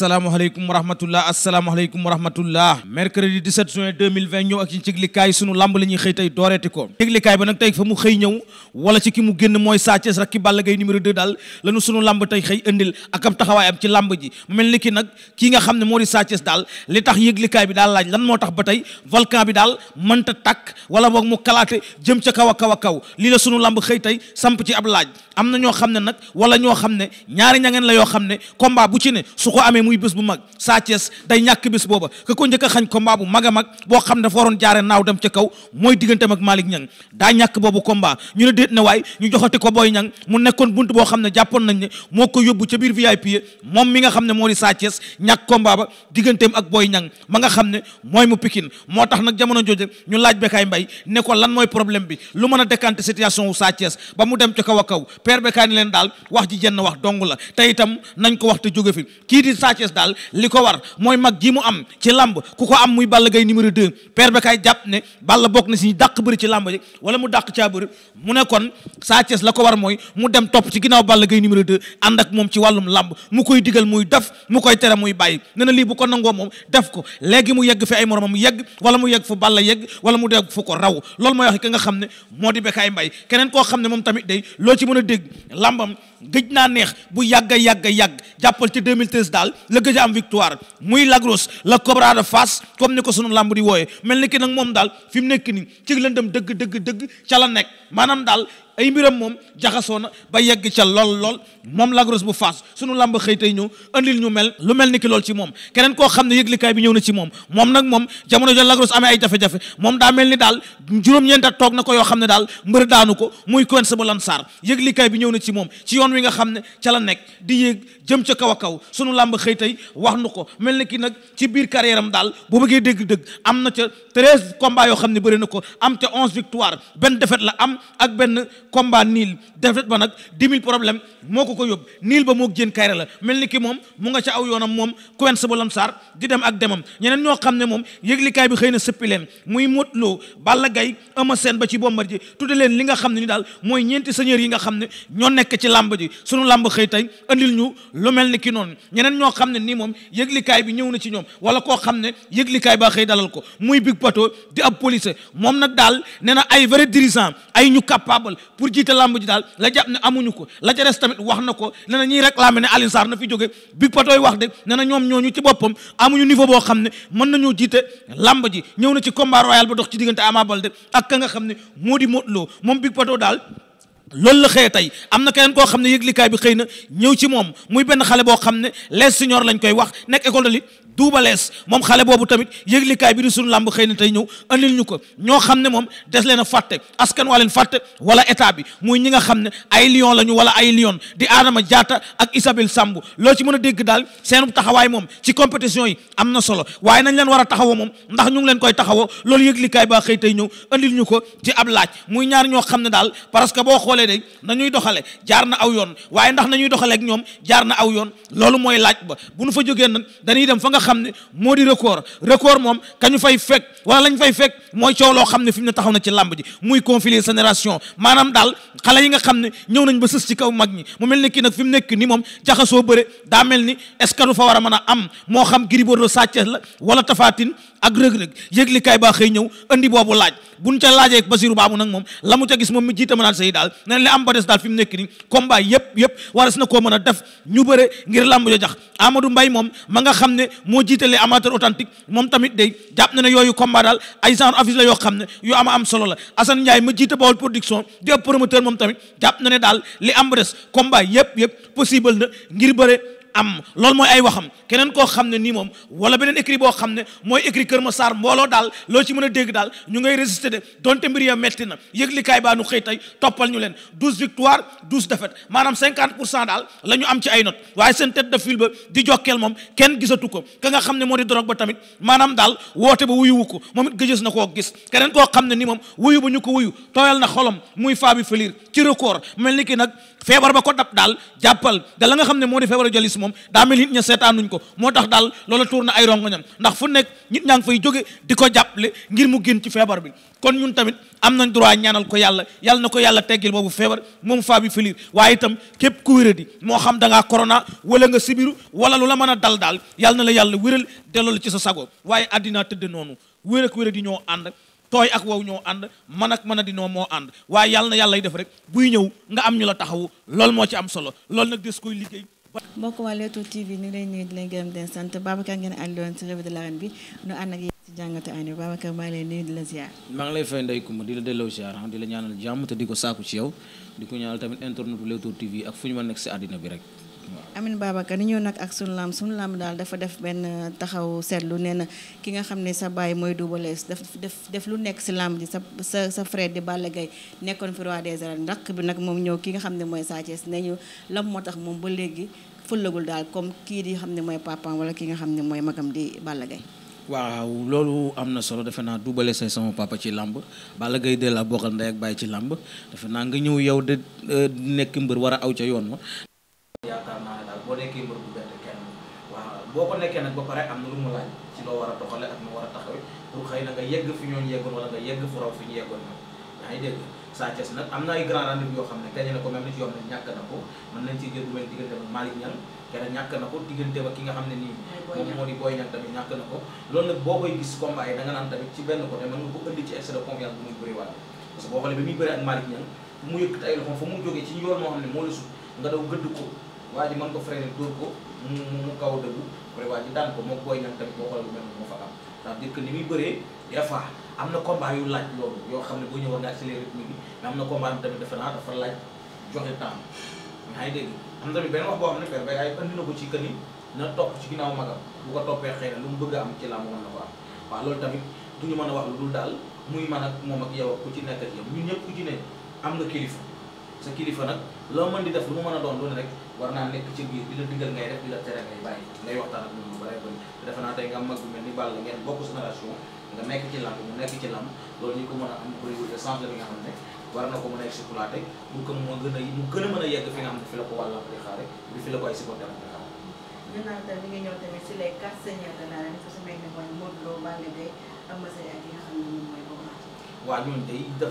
asalaamaaleykum wa rahmatullah asalaamaaleykum wa rahmatullah mercredi 17 juin 2020 ñëw ak ci yëglikaay sunu lamb la ñuy xëy tey dooreeti ko yëglikaay ba nag tey fa mu xëy ñëw wala ci ki mu génn mooy Sa rek ki Balla Gaye numéro 2 daal lañu sunu lamb tey xëy indil ak am taxawaay am ci lamb ji mu mel ni ki nag kii nga xam ne moo di Sa Thiès daal li tax yëglikaay bi daal laaj lan moo tax ba tey volcan bi daal mënta takk wala boog mu kalaate jëm ca kaw a kaw a kaw lii la sunu lamb xëy tey samp ci ab laaj am na ñoo xam ne nag wala ñoo xam ne ñaari ñangeen la yoo xam ne combat bu ci ne su muy bés bu mag Sa Thiès day ñàkk bés booba ka ko njëkk a xañ combat bu mag a mag boo xam ne dafa waroon jaare naaw dem ca kaw mooy digganteem ak Malick Niang daa ñàkk boobu combat ñu ne déet na waay ñu joxati ko Boy Niang mu nekkoon bunt boo xam ne jàppoon nañ ne mi nga xam ne moo di Sa Thiès ñàkk combat ma nga xam ne mooy mu Pikine moo tax nag jamono jooje ñu laaj Bécaye Mbaye ne ko lan mooy problème bi lu mën a décanter situation wu Sa ba mu dem ca kaw a kaw père Bécaye ni leen daal wax ji jenn wax dong la te itam nañ ko Thiès daal li ko war mooy mag gi mu am ci lamb ku ko am muy Balla Gaye numéro 2 père Bekaay jàpp ne Balla bokk na si dàq bëri ci lamb ji wala mu dàq caa bëri mu nekkoon kon la ko war mooy mu dem topp ci ginnaaw Balla Gaye numéro 2 ànd ak moom ci wàllum lamb mu koy digal muy def mu koy tere muy bàyyi ne na lii bu ko nangoo moom def ko léegi mu yegg fi ay moromam yegg wala mu yegg fu Balla yegg wala mu degg fu ko raw lool mooy wax ki nga xam ne moo di Bekaay Mbay keneen koo xam ne moom tamit day loo ci mën a dégg lambam gëj naa neex bu yàgga yàgga yàgg jàppal ci 2013 daal la gëj a am victoire muy lagros la Cobra fas Fass comme ni ko sunu lamb di wooyee mel ni ki nag moom daal fi mu nekk nii ci lëndëm dëgg dëgg dëgg ca la nekk maanaam daal ay mbiram moom jaxasoo na ba yegg ca lool lool moom Lac Rose bu fas sunu làmb xëy tey ñëw andil ñu mel lu mel ni ki lool ci moom keneen koo xam ne yëglikaay bi ñëw na ci moom moom nag moom jamono jo Lac Rose amee ay jafe moom daa mel ni daal juróom-ñeent at toog na ko yoo xam ne daal mbër daanu ko muy koen sa lan saar yëglikaay bi ñëw na ci moom ci yoon wi nga xam ne ca la nekk di yéeg jëm ca kaw a kaw sunu làmb xëy tey wax nu ko mel ni ki nag ci biir carrière am daal boo bëggee dégg-dëgg am na ca treize combats yoo xam ne bëri na ko am ca onze victoire benn défaite la am ak benn combat niil defet ba nag dix mille problème moo ko ko yóbbu niil ba moo jën kayre la mel ni ki moom mu nga ca aw yoonam moom kuwen sa ba lam saar di dem ak demam ñeneen ñoo xam ne moom yëglikaay bi xëy na sëppi muy Modou Lo Balla Gaye Eumeu Sène ba ci Bombardier ji tudde leen li nga xam ne ni daal mooy ñeenti seigneur yi nga xam ne ñoo nekk ci làmb ji sunu làmb xëy tey andil ñu lu mel ni ki noonu ñeneen ñoo xam ne nii moom yëglikaay bi ñëw na ci ñoom wala koo xam ne yëglikaay ba xëy dalal ko muy Big Pato di ab police moom nag daal nee na ay vrai dirigeant ay ñu capable pour jiite làmb ji daal la jàpp ne amuñu ko la ca tamit wax na ko ne na ñiy réclamer ne Alioune Sarr na fi joge bi patooy wax de ne na ñoom ñooñu ci boppam amuñu niveau boo xam ne mën nañoo jiite làmb ji ñëw na ci combat royal ba dox ci diggante bal Baldé ak ka nga xam ne moo di Modou Lo moom bi patoo daal loolu la xëyee tey am na keneen koo xam ne yëglikaay bi xëy na ñëw ci moom muy benn xale boo xam ne les seniors lañ koy wax nekk école de duubalees moom xale boobu tamit yëglikaay bi di suñu làmb xëy na tey ñëw andil ñu ko ñoo xam ne moom des leen a fàtte askan waa leen fàtte wala état bi muy ñi xam ne ay lion lañu wala ay lion di Adama Diatta ak Isabel Samb loo ci mën a dégg daal seenu taxawaay moom ci compétition yi am na solo waaye nañ leen war a taxawoo moom ndax ñu ngi leen koy taxawoo loolu yëglikaay baa xëy tey ñëw andil ñu ko ci ab muy ñaar ñoo xam ne daal parce que boo xoolee de ñuy doxale jaar na aw yoon waaye ndax na ñuy doxaleek ñoom jaar na aw yoon loolu mooy laaj ba bu nu fa jógee nag dañuy dem fa nga xam ne moo di record record moom kañu fay fekk wala lañ fay fekk mooy coow xam ne fi mu ne taxaw na ci làmb ji muy conflit génération maanaam daal xale yi nga xam ne ñëw nañ ba sës ci kaw mag ñi mu mel ni nag fi mu nekk ni moom jaxasoo bëre daa mel ni est-ce que nu fa war a mën a am moo xam Gris Bordeaux Sa la wala tafaatin ak rëg-rëg yëgli kaay baa xëy ñëw andi boobu laaj buñ ca laajee Basiru Baabu nag moom la mu ca gis moom mi jiita mënaat say daal ne li am ba des daal fi mu nekk ni combat yëpp yëpp waras a def ñu bëre ngir làmb moo jiitale amateur authentique moom tamit day jàpp na ne yooyu combat daal ay genre affiche la yoo xam ne yu ama am solo la Assane Ndiaye ma jiite Baol production di promoteur moom tamit jàpp na ne daal li am ba des combat yëpp yëpp possible na ngir bëre am loolu mooy ay waxam keneen koo xam ne nii moom wala beneen écrit boo xam ne mooy écrit Kër Massar mbooloo daal loo ci mën a dégg daal ñu ngay résister de donte mbir ya metti na yëg kaay baa nu xëy toppal ñu leen douze victoire douze défaite maanaam daal la am ci ay note waaye seen tête de ba di jokkeel moom kenn gisatu ko ka nga xam ne moo di dorog ba tamit maanaam daal woote ba wuyu ko moom it gëjës na koo gis keneen koo xam ne nii moom wuyu ba ñu ko wuyu tooyal na xolom muy faabi fëliir moom daa mel nit ña seetaanuñ ko moo tax daal loola tuur na ay rongoñam ndax fu nekk nit ñaa ngi fay jóge di ko jàppale ngir mu génn ci feebar bi kon ñun tamit am nañ droit ñaanal ko yàlla yàlla na ko yàlla teggil boobu feebar moom faa bi filir waaye itam képp ku wéradi moo xam da ngaa wala nga sibiru wala lu la mën a dal daal yàlla na la yàlla wéral delloo la ci sa sago waaye àddina tëdd noonu wér ak wéradi ñoo ànd tooy ak wow ñoo ànd man ak mën a dinoo moo ànd waaye yàlla na yàlla def rek buy ñëw nga am ñu la taxawu loolu moo ci am solo loolu nag des koy liggéey mbokk waa Leewtoo TV ñu ngi lay nuyu di leen gërëm di leen sant Babacar ngeen àndoon si revue de l'arène bi nu ànd ak yéen si jàngatu ànd Babacar maa ngi lay nuyu di la ziar. maa ngi lay fay Ndeye Coumba di la delloo ziar di ñaanal jàmm te di ko saaku ci yow di ko ñaanal tamit internet Leewtoo TV ak fu ñu mën nekk si àddina bi rek. Amin baabaka ni ñëw nag ak sunu laam sunu laam daal dafa def benn taxaw seetlu nee na ki nga xam ne sa baay mooy Double Less def def lu nekk si laam ji sa sa sa frère di Balla Gaye nekkoon fi des arènes bi nag moom ñëw ki nga xam ne mooy Sa Thiès nañu lam moo tax moom ba léegi fëllagul daal comme kii di xam ne mooy papaam wala ki nga xam ne mooy magam di Balla waaw loolu am na solo defe naa Double Less say sama ci làmb Balla Gaye de la bokkal ndey ak bàyyi ci làmb defe naa nga ñëw yow de euh, nekk mbër war a aw ca yoon wa boo ko nekkee nag ba pare am na lu mu laaj ci loo war a doxale ak mu a taxawe pour xëy na nga yegg fi ñooñ yeggoon wala nga yegg fu raw fi ñu yeggoon nag Sa Thiès am na ay grand rendez-vous yoo xam ne gañe na ko même ni ko mën nañ ci jël bu mel ñàkk na ko diggante ba ki nga xam ne nii moom moo di ko loolu nag boo koy gis combat yi da nga naan tamit ci ko indi ci excès de confiance bu muy bëri waat parce ak Malick moo ne moo la ko waa ji mën ko freiné ko mu mu kaw dëggu vraiment ñu daan ko moom booy ñam tamit boo xoolee lu mel ni muy bëree des am na combat laaj loolu yoo xam ne boo ñëwoon nga accéléré am na combat defe naa dafa laaj joxe temps yaa ngi dégg am tamit benn ko ci kën na topp ci ginnaaw magam bu ko toppee xëy lu mu bëgg a am ci làmb mën ko am waaw loolu tamit du ñu mën a wax lu dul daal muy man ak moom ak yow ku ci nekk ak yow ñun ñëpp ku ci am nga kilifa sa kilifa nag loo mën di def lu mu mën a doon lu ne rek war naa nekk ci biir di la digal ngay def di la tere ngay bàyyi ngay waxtaan ak ñoom lu bari bëri defe naa tey nga mag bu mel ni Balla ngeen bokk génération nga nekk ci làmb mu nekk ci làmb loolu ñu ko mën a am priorité sens la bi ne war na ko mën a a mu gën fi ko wàllam di xaare bi fi la ko ay supporter di xaare ñu de l'arène fa su mel ak yi nga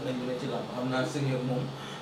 xam moom naa seigneur moom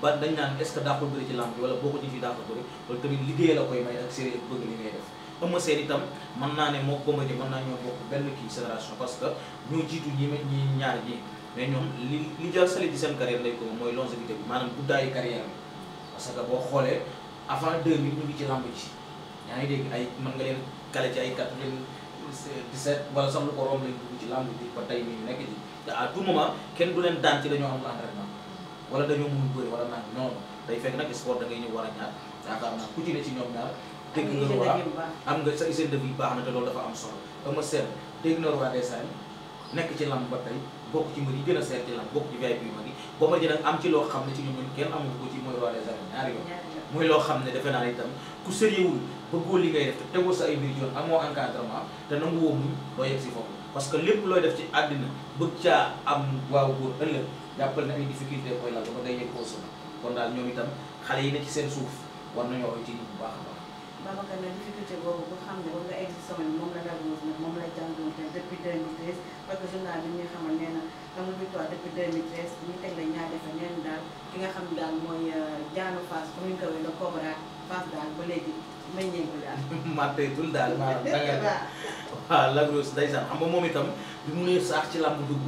ba dañ naan est-ce que bëri ci làmb bi wala bokku ci fi dàqul bëri wala tamit liggéey la koy may ak série ak bëgg li ngay def Eumeu Sène itam mën naa ne moo comédie mën naa ñoo bokk benn kii génération parce que ñoo jiitu ñi ma ñi ñaar ñi mais ñoom li li jël sali ci seen carrière lay ko mooy longévité bi maanaam guddaayu carrière bi parce que boo xoolee avant 2000 ñu ngi ci làmb ji yaa ngi dégg ay mën nga leen kale ci ay 97 wala sax lu ko romb lañ dugg ci làmb bi ba tey nii nekk ci te à tout leen daan ci wala dañoo mënul bëri wala naan non day fekk nag sport da ngay ñëw war a ñaar yaakaar naa ku ci ne ci ñoom ñaar dégg nga roi am nga sa hygiène de vie baax na te loolu dafa am solo ama seet nekk ci lamb ba tey bokk ci yi gën a seet ci lamb bokk ci VIP yu loo xam ne ci ñoom ñun kenn amul ko ci mooy roi des arènes yoon muy loo xam ne defe naa itam ku sérieuxul bëggoo li ngay def te tegoo sa ay mbir yoon amoo encadrement te nangu woo muñ doo yegg si foofu parce que lépp looy def ci àddina bëgg caa am waaw góor ëllëg jàppal ne ay difficulté koy la ba day yegg au kon daal ñoom itam xale yi ne ci seen suuf war nañoo oy ci bu baax a baax. Babacar nag difficulté boobu nga xam ne war nga egg si sommet moom la dal daal nga xam daal mooy jaanu euh, Fass comme ni ko la Cobra Fass daal ba léegi meññeeku daal. màtteetul daal maanaam dangay waaw moom itam bi mu nee saax ci làmb dugg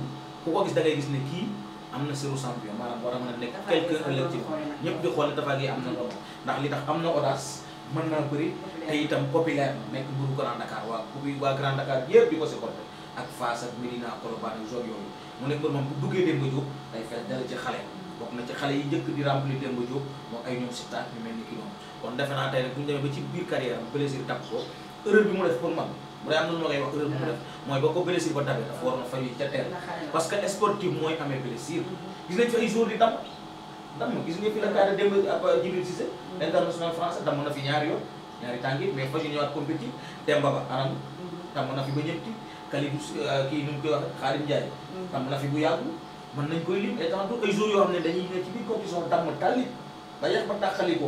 ku ko gis da ngay gis ne kii. am na siru champion maanaam war a mën a nekk quelqu'un ëllëg ci ñëpp di xool Tapha Gueye am na loolu ndax li tax am na audace mën naa bëri te itam populaire nekk mburu Grand Dakar waa kubi waa Grand Dakar yëpp di ko supporté ak Fass ak Médina Colobane ak zone yooyu mu nekk mbir moom bu duggee Demba Diop day fees dara ci xale bokk na ci xale yi jëkk di remplir Demba Diop moom ay ñoom siptaat ñu mel ni ki noonu kon defe naa tey nag bu demee ba ci biir carrière am plaisir bu dee am na lu mooy boo ko blessure ba dabe dafa war na fayu ca teel parce que sportif mooy amee blessure mhm. gis nañ fi ay jour di damm damm gis nga fi la kaada démb euh, Djibril Cissé mhm. international français damm na fi ñaari yoon ñaari tànk yi mais fa ñu ñëwaat compétit Demba Ba anam mhm. damm ba ñetti Kalidou euh, kii nu mu koy wax damm na fi bu yàggu mën nañ koy lim et tant ay jour yoo xam ne dañuy ne ci biir compétition damm tàllit ba yeex ba tàqali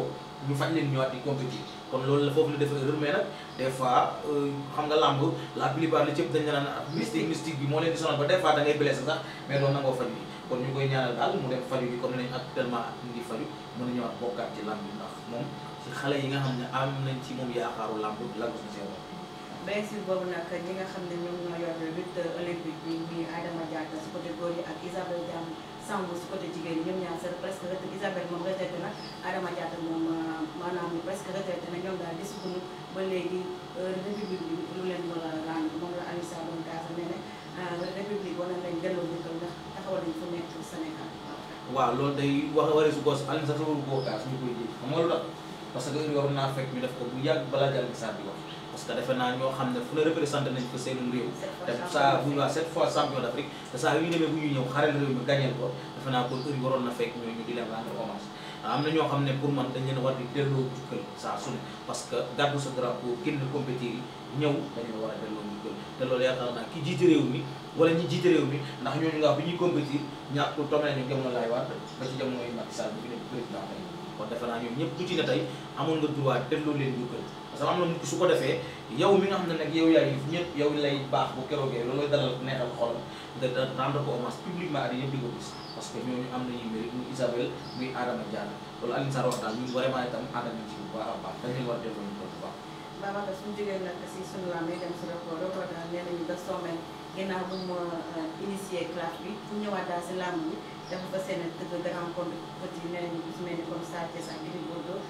ñu faj leen ñëwaat di compétir kon loolu la foofu la def erreur mais nag des fois euh, xam nga làmb la plupart li cëpp dañ la naan mystique mystique bi moo leen di sonal ba des fois da ngay sax mais doon nangoo faj bi kon ñu koy ñaanal daal mu dem faju bi comme nañ actuellement mu ngi a ci làmb bi ndax moom xale yi nga xam ne am nañ ci moom yaakaaru làmb bi la gis nga seen bopp. boobu nag ñi nga xam ne ñoom ñoo yor Samb si côté jigéen ñoom ñaar seen presque retraité Isabelle moom retraité na Adama Diatta moom euh, maanaam presque retraité na ñoom daal gisaguñu ba léegi euh, république bi lu leen war a rendre moom la Aliou Sall doon kaasa nee ne euh, république war nañ leen delloo njëkkal ndax taxawal nañ fu nekk Sénégal. waaw loolu day wax wari su gos Aliou sax loolu boo kaas ñu koy dégg xam nga lu tax parce que yow naa fekk ñu def ko bu yàgg balaa jàll gisaat bi wax. parce que defe naa ñoo xam ne fu ne représenté nañ ko seenum réew te saa bu ñu waa sept fois champion d'Afrique te naa ah, ñoo xam ne pour man dañ leen war parce que gàddu sa drapeau génn compétir yi ñëw dañu mi wala ñi jiite réew mi ndax ñooñu nga wax bi ñuy compétir ñàkkul toog nañu jamono laay waat ba ci jamono yi Macky ñëpp ku ci ne tey amoon nga droit delloo leen jukkal sama am na su ko defee yow mi nga xam ne nag yow yaay ñëpp yow lay baax bu keroogee loolu lay dalal neexal xol nga rendre ko hommage publiquement ak ñëpp di ko gis parce que ñooñu am nañu mérite muy Isabel muy Adama Diallo loolu Alioune Sarr wax daal ñun vraiment itam ànd nañ ci bu baax a baax dañ leen war a delloo ñu ko bu baax. Babacar suñu jógee nag si sunu laam yi dem si record record daal nee nañu ba soomel ginnaaw bu mu euh, initié classe bi bu ñëwaat daal si laam yi dafa fas yéene tëgg grand compte petit nee nañu gis mel ni comme Sa Thiès ak Gris Bordeaux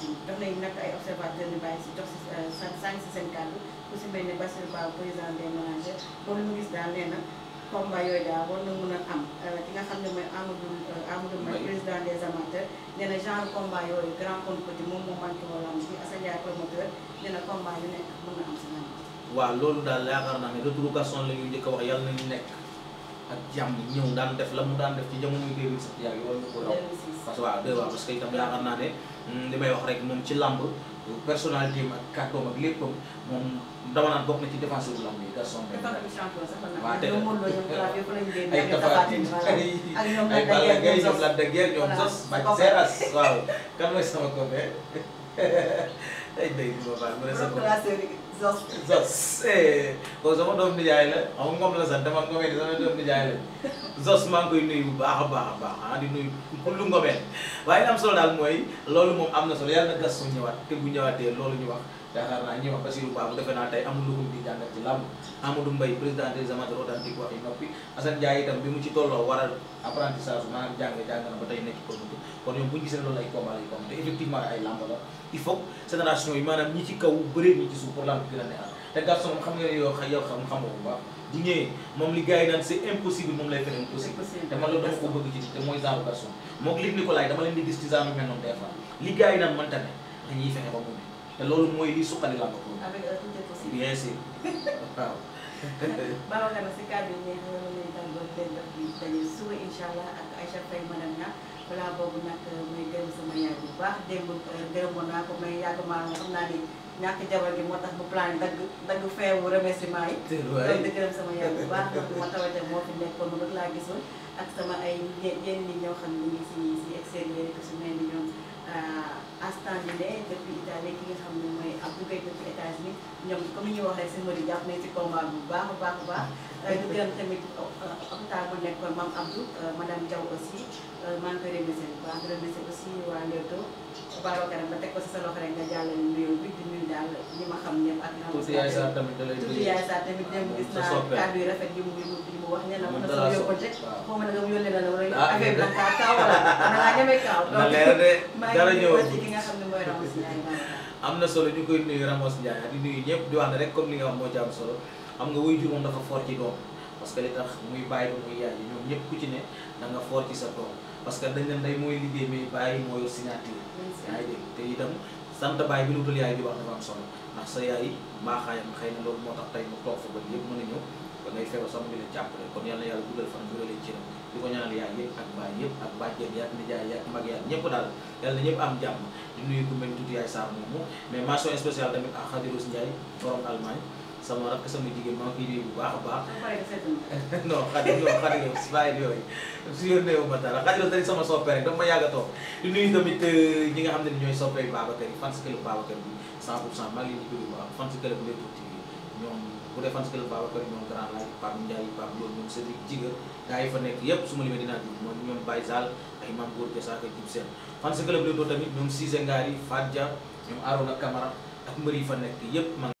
daf lay nag ay observateur ñu bàyyi si jox si euh, sa sànq si seen kàddu ku si mel ne Bassirou président des managers kon mu gis daal nee na yooyu daal war na mën a am euh, ki euh, moom moo manqué wala am si Assane promoteur nee na combat yu nekk mën na am si ñoom. waaw loolu daal yaakaar naa ne retour Gaston la ñuy njëkk a wax yàlla nañu nekk ak jàmm ñëw daan def la mu daan def ci jamono yu béy bi sax yaa ngi war ko raw. parce que waaw deux waaw parce que itam yaakaar mm, li may wax rek moom ci làmb personnalité am ak ak léppam moom dama naan na ci défenseur làmb yi garçon bi waaw te ay tafatin ay Balla Gaye ñoom Lac de Guiers ñoom ma baal mu ne Zos Zos kooku sama doom nijaay la xam nga moom la sant man Ngomeen sama doom nijaay la Zos maa ngi koy nuyu bu baax a baax a baax ah di nuyu Ngomeen waaye li am solo daal mooy loolu moom am na solo yàlla na gas soo ñëwaat te bu ñëwaatee loolu ñu wax. yaakaar naa ñi wax Bassirou Babou defe naa tey amul lu mu di jàngat ci làmb Amadou Mbaye président des amateurs authentiques wax yi noppi Assane Ndiaye itam bi mu ci tolloo waral apprentissage maanaam jàng jàng na ba tey nekk ko am ci kaw bëree a neexal te garçon moom xam nga ne yow xam xamoo bu baax di ñëwee moom li naan c'est impossible moom lay fene impossible te man loolu dama ko bëgg ci te mooy genre garçon moom li Nicolas dama leen di gis te loolu mooy liy suqali làmb ko. avec un tout est possible. bien sûr waaw. Babacar si kàddu yi neex na ñu daloon daje suba incha allah ak Aïcha Faye balaa boobu nag muy gërëm sama yaay bu baax démb gërëmoon naa ko mais yàgg maa xam gi moo tax mu plan dagg dagg feewu remerciement yi. te waay di sama yaay bu baax ndax ma tawate eh, moo fi nekkoon lu rek laa gisoon sama ay yenn nit ñoo xam ne ñu ngi si si extérieur ni ñoom. Astan euh, Ndeye depuis Italie ki nga xam ne mooy Abdou Gueye depuis États-Unis ñoom comme ni ñuy waxee rek seen mbir jàpp nañu ci combat bu baax a baax a baax. Euh, ñu gërëm tamit hôpital euh, bu nekkoon Mame Abdou madame Diaw aussi. loolu maa ngi koy remercier bu baax di remercier aussi waa ba teg ko si sa loxo rek nga jàllale nuyoo bi di nuyu daal ñi ma xam ñëpp ak. gis naa kàddu yu rafet yi mu wax ne la a sa yóbbu mu na la ne solo ñu koy nuyu Ramos Ndiaye di nuyu ñëpp di wax ne rek comme li nga wax moo ci solo xam nga wuy jur moom dafa fort ci doom parce que li tax muy bàyyi muy yaay ñoom ñëpp ku ne da nga ci sa doom parce que dañ leen day mooy liggéey mais bàyyi moo yor signature yaa ngi te itam sant bàyyi bi luutal yaay di wax dafa am solo ndax sa yaay mbaaxaayam xëy na loolu moo tax tey mu toog fa ba yëpp mën a ñëw ba ngay feebar sax mu ngi leen jàppale kon yàlla yàlla guddal fan guddal ci ram di ko ñaanal yaay yëpp ak baay yëpp ak bàjjen yaak nijaay mag yaak ñëpp daal yàlla na ñëpp am jàmm di nuyu ku mel tuuti yaay Sarr moomu mais mention spéciale tamit ak Khadiros sama rakk sama jigéen maa ngi koy nuyu bu baax a baax. non xadim yooyu su yor néew ma dara sama soppe rek dama ma yàgg a toog di tamit euh, ñi nga xam ne ñooy soppe yu Babacar yi fans club Babacar bi 100 pour cent maa ngi leen di nuyu bu baax fans club Leewtoo TV ñoom bu dee fans club yi ñoom grand laaj Pape Ndiaye Pape gaa yi fa nekk yëpp su ma limee dinaa dugg moom ñoom Baye Sall ay Mame Gour Diasaka Diouf Sène fans club Leewtoo tamit ñoom Cissé Ngari yi fa nekk yépp